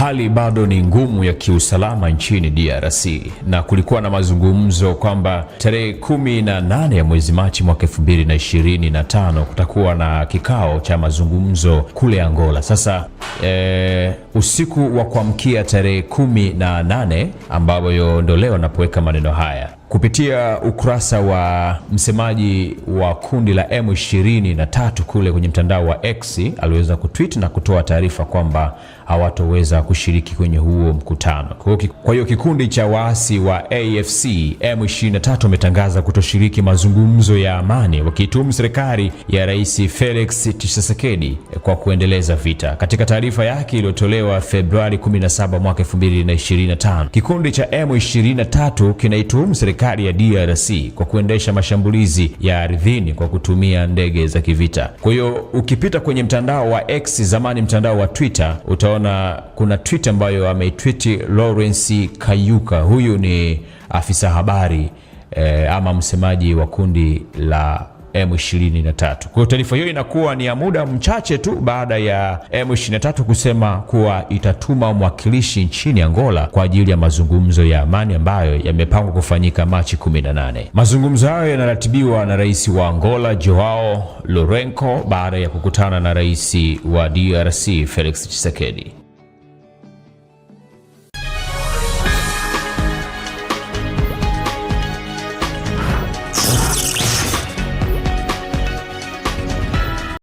Hali bado ni ngumu ya kiusalama nchini DRC na kulikuwa na mazungumzo kwamba tarehe kumi na nane ya mwezi Machi mwaka tano kutakuwa na kikao cha mazungumzo kule Angola. Sasa e, usiku wa kuamkia tarehe kumi na nane ambayo ndio leo napoweka maneno haya Kupitia ukurasa wa msemaji wa kundi la M23 kule kwenye mtandao wa X aliweza kutweet na kutoa taarifa kwamba hawatoweza kushiriki kwenye huo mkutano. Kwa hiyo kikundi cha waasi wa AFC M23 wametangaza kutoshiriki mazungumzo ya amani, wakiituhumu serikali ya Rais Felix Tshisekedi kwa kuendeleza vita. Katika taarifa yake iliyotolewa Februari 17 mwaka 2025, kikundi cha M23 kinaituhumu serikali serikali ya DRC kwa kuendesha mashambulizi ya ardhini kwa kutumia ndege za kivita. Kwa hiyo ukipita kwenye mtandao wa X, zamani mtandao wa Twitter, utaona kuna tweet ambayo ameitweet Lawrence Kayuka. Huyu ni afisa habari eh, ama msemaji wa kundi la M23. Kwa hiyo taarifa hiyo inakuwa ni ya muda mchache tu baada ya M23 kusema kuwa itatuma mwakilishi nchini Angola kwa ajili ya mazungumzo ya amani ambayo yamepangwa kufanyika Machi 18. Mazungumzo hayo yanaratibiwa na rais wa Angola Joao Lourenco baada ya kukutana na rais wa DRC Felix Tshisekedi.